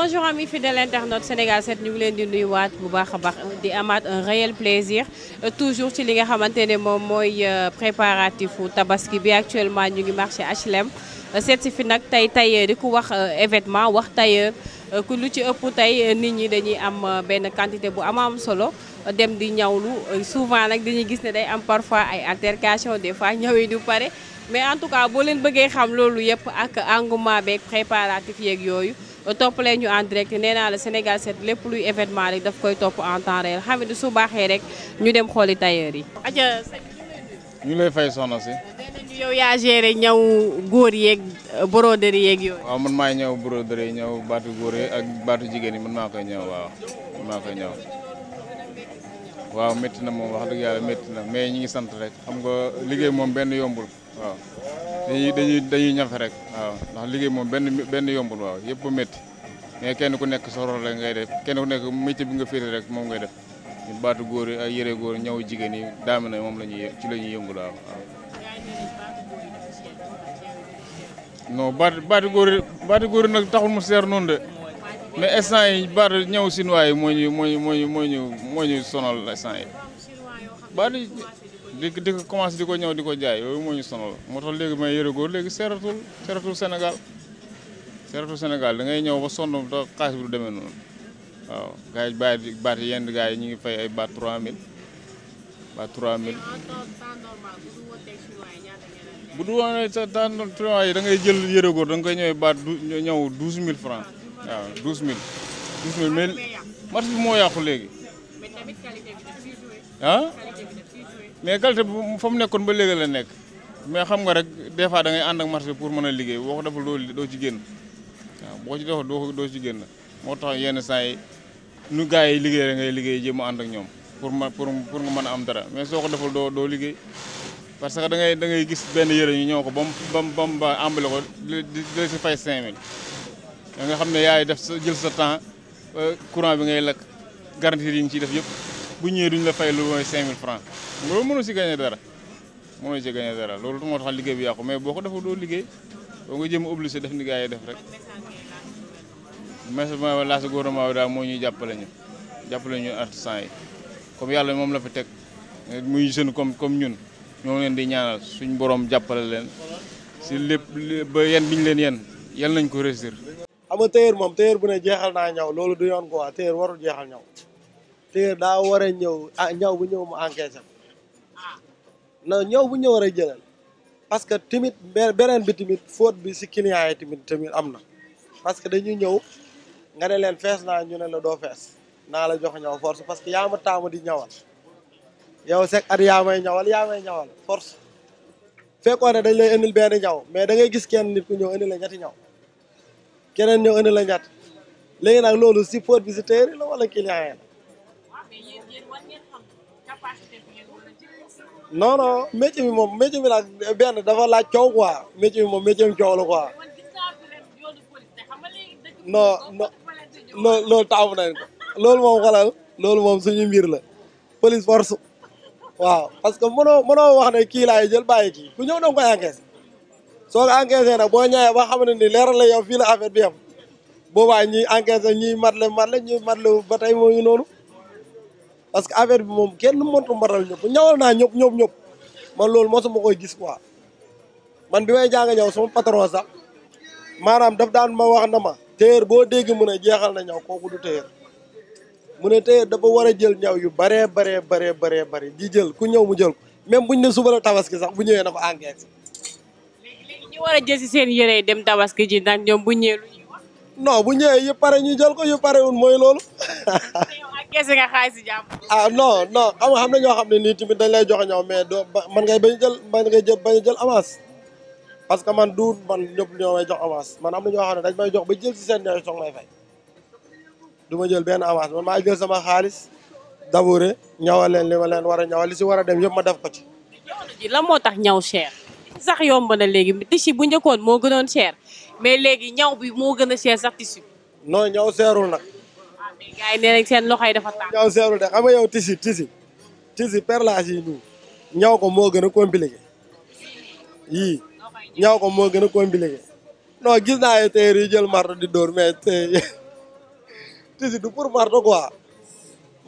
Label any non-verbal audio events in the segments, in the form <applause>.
bonjour amis fidèles internautes Sénégal 7 ñu ngi leen di nuyuwaat bu baax a baax di amaat un réel plaisir euh, toujours ci li nga xamante ne moom mooy wu euh, tabaski bi actuellement ñu ngi marché HLM euh, seet si fi nag tey tailleur di ku wax événement wax tailleur ku lu ci ëpp tey nit ñi dañuy am benn quantité bu ama am solo dem di ñawlu souvent nag dañuy gis ne day am parfois ay altercation des fois ñaw yi du pare mais en tout cas boo leen bëggee xam loolu yëpp ak engouement beeg préparatif yeeg yooyu topp toppalee ñu en direct nee naa la Sénégal 7 lépp luy événement rek dafa koy topp en temps réel xam nga su baaxee rek ñu dem xooli tailleur yi. aja ñu lay fay soxna si. yow yaa géré ñaw góor yeeg euh, broderie yeeg yooyu. waaw man maay ñëw broderie ñëw baatu góor yi ak baatu jigéen yi man maa ko ñëw waaw man maa koy ñëw waaw métti na moom wax dëgg yàlla métti na mais ñu ngi sant rek xam nga liggéey moom benn yombul waaw. dañuy dañuy dañuy ñafe rek waaw ndax liggéey moom benn benn yombul waaw yëpp métti mais kenn ku nekk sa rôle la ngay def kenn ku nekk métier bi nga féete rek moom ngay def ñu baatu góor yi ay yére góor ñaw jigéen yi daami na moom lañu ñuy ci la ñuy yëngul waaw waaw non baatu baatu góor góor nag taxul mu seer noon de mais instant yi baatu ñaw sinuwaay yi moo ñu moo ñu moo moo ñu moo ñu sonal di di ko commencé di ko ñëw di ko jaay loolu moo ñu moo tax léegi may yëre góor léegi seeratul seeratul Sénégal seeratul Sénégal da ngay ñëw ba sonn da xaalis bi du demee noonu waaw gars yi baat yi baat yenn ñu ngi fay ay baat 3000 baat 3000. bu du woon sa temps normal yi da jël yëre góor koy ñëwee baat du ñëw 12000 francs waaw 12000. 12000 mais moo yàqu léegi. ah. mais qualité bi fa mu nekkoon ba léegi la nekk mais xam nga rek des fois da ngay ànd ak marché pour mën a liggéey woo ko deful doo doo ci génn waaw boo ci doo doo ci génn moo tax yenn saa yi nu gars yi liggéey rek ngay liggéey jéem a ànd ak ñoom pour ma pour pour nga mën a am dara mais soo ko deful doo doo liggéey parce que da ngay da ngay gis benn yére ñu ñëw ko ba mu ba mu ambale ko di di si fay 5000 da nga xam ne yaay def sa jël sa temps courant bi ngay lekk garantie yi ñu ciy def yëpp. bu ñëwee duñ la fay lu mooy 5000 francs loolu mënoo si gagné dara mënoo si gagné dara loolu moo tax liggéey bi yàqu mais boo ko defoo doo liggéey doo nga jëm obligé def ni gars yi def rek. message mooy laas gouvernement bi daal moo ñuy jàppale ñu jàppale ñu artisan yi comme yàlla moom la fi teg muy jeune comme comme ñun ñoo ngi leen di ñaanal suñ boroom jàppale leen si lépp ba yen biñ leen yen yal nañ ko réussir. ama tëyër moom tëyër bu ne jeexal naa ñaw loolu du yoon quoi tëyër warul jeexal ñaw. liir daa war a ñëw ah ñaw bu ñëw mu encaissé ko na ñëw bu ñëw war a jëlal parce que tamit beneen bi tamit faute bi si client yi tamit am na parce que dañuy ñëw nga ne leen fees naa ñu ne la doo fees naa la jox ñaw force parce que yaa ma taamu di ñawal yow sek at yaa may ñawal yaa may ñawal force fekkoon ne dañ la indil benn ñaw mais da ngay gis kenn nit ku ñëw indil la ñetti ñaw keneen ñëw indil la ñett léegi nag loolu si faute bi si téere wala client non non métier bi moom métier bi nag benn dafa laaj coow quoi métier bi moom métier bi coow la quoi. non non loolu loolu taamu nañ ko loolu moom xalal loolu moom suñu mbir la police force waaw parce que mënoo mënoo wax ne kii laay jël bàyyi kii ku ñëw da nga koy encaissé soo ko encaissé nag boo ñëwee ba xam ne ni leeral la yow fii la affaire bi yam boobaa ñuy encaissé ñuy matle matle ñuy matle ba tey moo ñu noonu parce que affaire bi moom kenn mëntu mbaral ñëpp ñawal naa ñëpp ñëpp ñëpp man loolu mosuma koy gis quoi man bi may jàng ñaw sama patron sax maanaam daf daan ma wax na ma téer boo dégg mun ne jeexal na ñaw kooku du téer mu ne téer dafa war a jël ñaw yu baree baree baree baree bari di jël ku ñëw mu jël ko même buñ ne suba la tabaski sax bu ñëwee na ko encaissé a jël si seen yére dem tabaski ji nag bu ñëwee lu ñuy wax non bu ñëwee yu pare ñu jël ko pare parewul mooy loolu <laughs> gese nga xaalis si jàmm. ah non non na ñoo xam ne nii tamit dañ lay joxe ñoom mais doo man nga bañ jël man ngay jël bañ jël avance. parce que man du man ñëpp ñoo jox avance man am na ñoo ne dañ may jox ba jël si seen ñooy soog may fay. du ma jël benn avance man maa jël sama xaalis daboore ñawal leen li ma leen war a ñawal si war a dem yëpp ma def ko ci. ji lan moo tax ñaw cher. sax yomb na léegi tissu bu njëkkoon moo gënoon cher mais léegi ñaw bi moo gën a cher sax tissu. non ñaw seerul nag. gars yi seen loxo yi dafa tàng. ñaw seerul de xam nga yow tisi tisi tisi perlage yi ñaw ko moo gën a compliqué yii ñaw ko moo gën a compliqué gis naa ay tailleur jël marto di dóor mais <laughs> tisi du pour marto quoi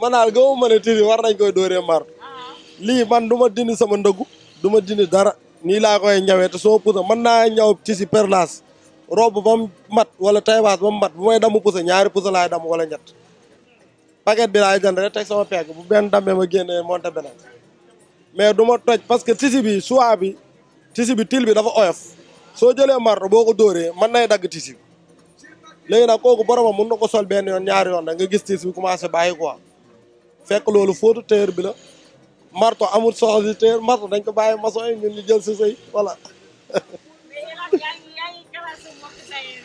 man daal gëmu ma ne tisi war nañ koy dóoree marto ah. lii man duma ma dindi sama ndëggu du ma dindi dara nii laa koy ñawee te soo pusa mën naa ñaw tisi perlage robe ba mu mat wala taybaas ba mu mat bu may damu pusa ñaari pusa laay dam wala ñett paquet bi laay jënd rek teg sama pegg bu benn dammee ma génnee monté beneen mais du ma toj parce que tisi bi soie bi tisi bi tiil bi dafa oyof soo jëlee marto boo ko dóoree mën nay dagg tisi bi léegi nag kooku boromam mun na ko sol benn yoon ñaari yoon da nga gis tisi bi commencé bàyyi quoi fekk loolu fóotu téer bi la marto amul soxla si marto dañ ko bàyyi maçon yi ñun ñu jël si sëy voilà <laughs>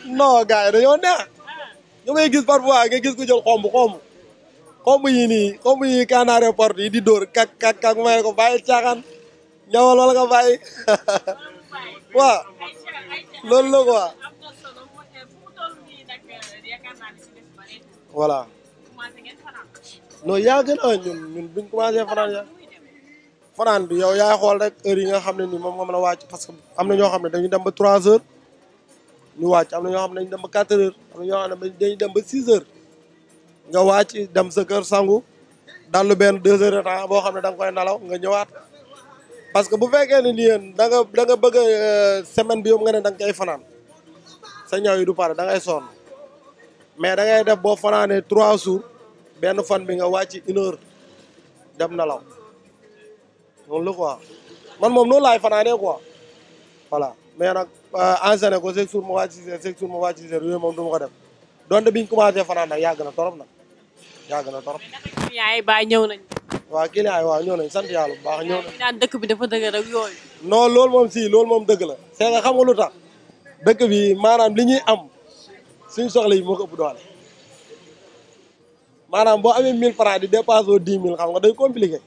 non gars yi dañoo neex ah. ñu may gis parfois nga gis ko jël xomb xomb xomb yi nii xomb yi Hann Aéroport yi di dóor kak kak kak may ko bàyyi caaxaan ñawal wala nga bàyyi <laughs> waaw loolu la quoi voilà non yaa gën a ñun ñun buñ commencé fanaan ya bi yow yaay xool rek heure yi nga xam ne nii moom nga mën a wàcc parce que am na ñoo xam ne dañu dem ba trois heures ñu wàcc am na ñoo xam ne dañu dem ba quatre heures am na dañu dem ba six heures nga wàcc dem sa kër sangu dallu benn deux heures de temps boo xam ne danga nga koy nalaw nga ñëwaat parce que bu fekkee ne ni danga da bëgg euh, semaine bi yëpp nga ne da nga koy fanaan sa ñaw yi du pare da ngay sonn mais da def boo fanaanee trois jours benn fan bi nga wàcc une heure dem nalaw noonu la quoi man moom noonu laay fanaanee quoi voilà mais nag euh, enchaîné ko chaque jour ma wàcc six heures chaque jour ma wàcc six heures yooyu moom du ma ko def donte biñ commencé fanaan nag yàgg na torop nag yàgg na trop. baa baay ñëw nañ waaw client yi waaw ñëw nañ sant yàlla bu baax ñëw nañ dëkk bi dafa dëgg rek yooyu non loolu moom si loolu moom dëgg la c'est que xam nga lu tax dëkk bi maanaam li ñuy am suñ soxla yi moo ko ëpp boo amee 1000 francs di dépassé wu 10 xam nga day compliqué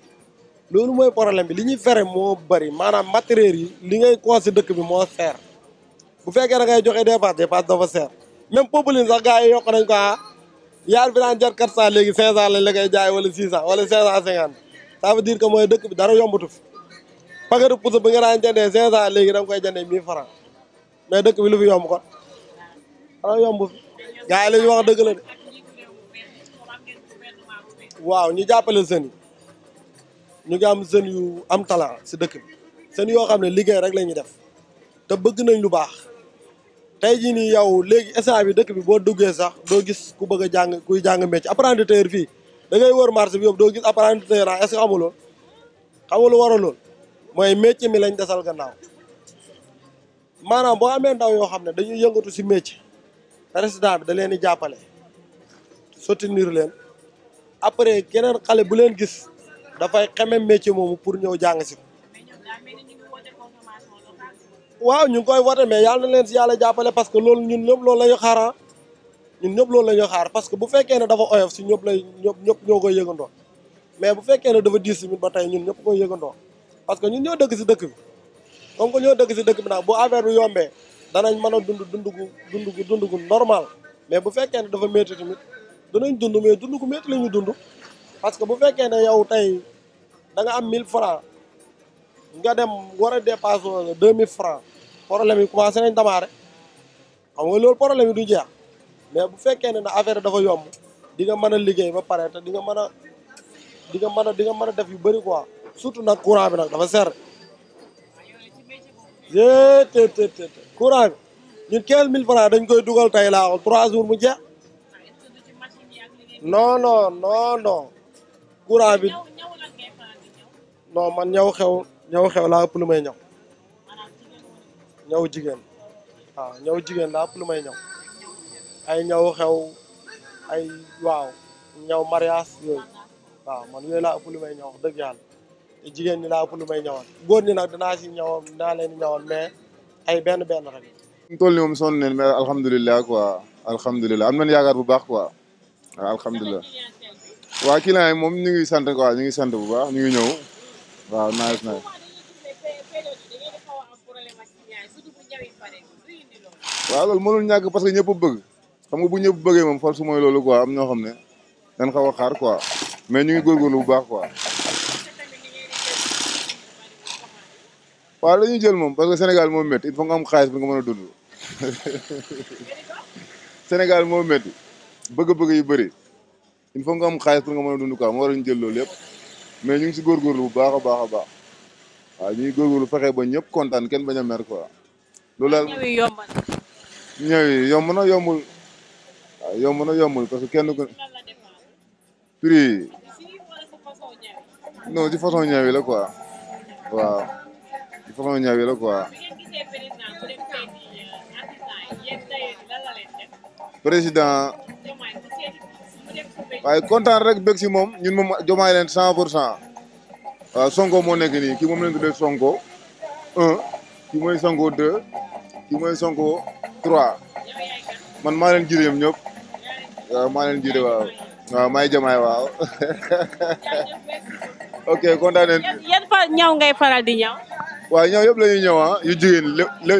loolu mooy problème bi li ñuy fere moo bari maanaam matériel yi li ngay coos dëkk bi moo seer bu fekkee na ngay joxe dépasse dépasse dafa seer même popeline sax gars yokk nañ ko ah yaar bi daan jar quatre cent léegi cinq cent lañ la koy jaay wala six a wala cinq cent cinquante ça veut dire que mooy dëkk bi dara yombatu fi paquetu léegi da nga koy jëndee mille franc mais dëkk bi lu fi yomb kon dara yomb fi gars yi la ñu wax dëgg la de waaw ñu jàppale jeunes yi ñu ngi am jeunes yu am talent si dëkk bi jeunes yoo xam ne liggéey rek la ñuy def te bëgg nañ lu baax tey jii nii yow léegi instant bi dëkk bi boo duggee sax doo gis ku bëgg a jàng kuy jàng métier apprenti tailleur fii da ngay wër marché bi yëpp doo gis apprenti tailleur ah est-ce que xamuloo xamulu lool mooy métier mi lañ desal gannaaw maanaam boo amee ndaw yoo xam ne dañuy yëngatu si métier président bi da leen di jàppale soutenir leen après keneen xale bu leen gis dafay xeme métier moomu pour ñëw jàng si waaw ñu ngi koy voté mais yàlla na leen si yàlla jàppale parce que loolu ñun ñëpp loolu la ñu xaar ah. ñun ñëpp loolu la ñu xaar parce que bu fekkee ne dafa oyof si ñëpp lay ñëpp ñëpp ñoo koy yëngandoo mais bu fekkee ne dafa diis si ba tey ñun ñëpp koy yëngandoo parce que ñun ñoo dëkk si dëkk bi comme que ñoo dëkk si dëkk bi nag bu affaire bi yombee danañ mën a dund dund gu dund gu dund gu normal mais bu fekkee ne dafa métti tamit danañ dund mais dund gu métti la ñu dund parce que bu fekkee ne yow tey da nga am 1000 francs nga dem war a dépassé 2000 francs problème yi commencé nañ damaare xam nga loolu problème yi du jeex mais bu fekkee ne na affaire dafa yomb di nga mën a liggéey ba pare te di mën a di nga mën a di nga mën a def yu bëri quoi surtout nag courant bi nag dafa seer. courant bi ñun quinze mille francs dañ koy dugal tey laa ko trois jours mu jeex no non non bi non man ñaw xew ñaw xew laa ëpp lu may ñaw. ñaw jigéen waaw ñaw jigéen laa lu may ñaw ay ñaw xew ay waaw ñaw mariage yooyu waaw man yooyu laa ëpp lu may ñaw wax dëgg yàlla jigéen ñi laa ëpp lu may ñawal góor ñi nag danaa si ñawam dinaa leen ñawal mais ay benn benn rek. ñu toll nii moom sonn nañ mais alhamdulilah quoi alhamdulilah am nañu yaakaar bu baax quoi waaw waa client yi moom ñu ngi sant quoi ñu ngi sant bu baax ñu ngi ñëw waaw nice nice waaw loolu mënul ñàkk parce que ñëpp bëgg xam nga bu ñëpp bëggee moom force mooy loolu quoi am ñoo xam ne dañ xaw a xaar quoi mais ñu ngi góorgóorlu bu baax quoi. waaw la ñuy jël moom parce que Sénégal moo métti il faut nga am xaalis bi nga mën a dund. <laughs> Sénégal moo métti bëgg-bëgg yu bëri il faut nga am xaalis pour nga mën a dund quoi moo war ñu jël loolu yëpp mais ñu ngi si góorgóorlu bu baax a baax a baax waaw ñu ngi góorgóorlu fexe ba ñëpp kontaan kenn bañ a mer quoi. loolu daal ñëw yi yomb na yomb na yombul parce que kenn ku prix non ci façon ñëw yi la quoi waaw ci façon ñëw la quoi président waaye kontaan rek bëgg si moom ñun moom jomaay leen cent pour waaw Sonko moo nekk nii kii moom leen Sonko un kii mooy Sonko deux kii mooy Sonko trois man maa leen jiite ñoom ñëpp waaw maa leen jiite waaw waaw maay jamaay waaw <laughs> ok kontaan ñaw ngay faral di ñaw. waaw ñaw yëpp la ñuy ñaw ah yu jigéen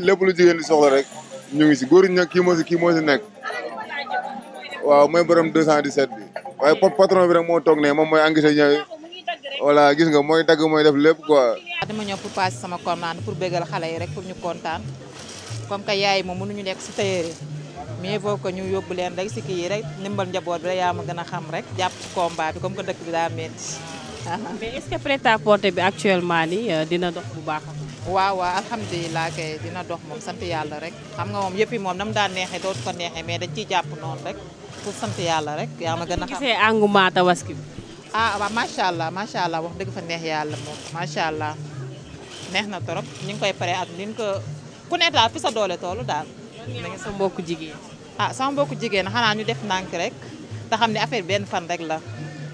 lépp lu jigéen di soxla rek ñu ngi si góor ñi nag kii moo si kii moo si nekk waaw mooy borom 217 bi waaye patron bi rek moo toog ne moom mooy engagé ñaw yi voilà gis nga mooy dagg mooy def lépp quoi. dama ñëw pour passer sama commande pour bégal xale yi rek pour ñu kontaan. comme que yaay moom mënuñu nekk si tailleur yi mais vaut que ñu yóbbu leen rek si kii yi rek ndimbal njaboot bi rek yaa ma gën a xam rek jàpp ci combat bi comme que dëkk bi daa métti. <laughs> mais est-ce que bi actuellement ni euh, dina dox bu baax waaw waaw alhamdulilah kay dina dox moom sant yàlla rek xam nga moom yëpp yi moom nam daan neexee dootu fa neexee mais dañ ciy jàpp noonu rek pour sant yàlla rek yaa ma gën a xam gisee engouement tabaski bi ah waaw macha allah macha allah wax dëgg fa neex yàlla moom macha allah neex na trop ñu ngi koy pare ak ni ñu ko ku ne daal fi sa doole toolu daal. sa mbokku jigéen. ah sama mbokku jigéen xanaa ñu def ndànk rek te xam ne affaire benn fan rek la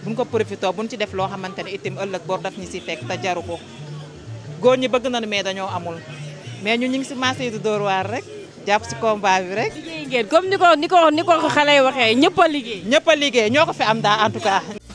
buñ ko bu buñ ci def loo xamante ne itam ëllëg bor daf ñu si fekk te jaru ko góor ñi bëgg na nañu mais dañoo amul mais ñu ñu ngi si marché du Dóor waar rek jàpp si combat bi rek. liggéey ngeen comme ni ko ni ko ni ko xale yi waxee ñëpp a liggéey. ñëpp liggéey ñoo ko fi am daal en tout cas.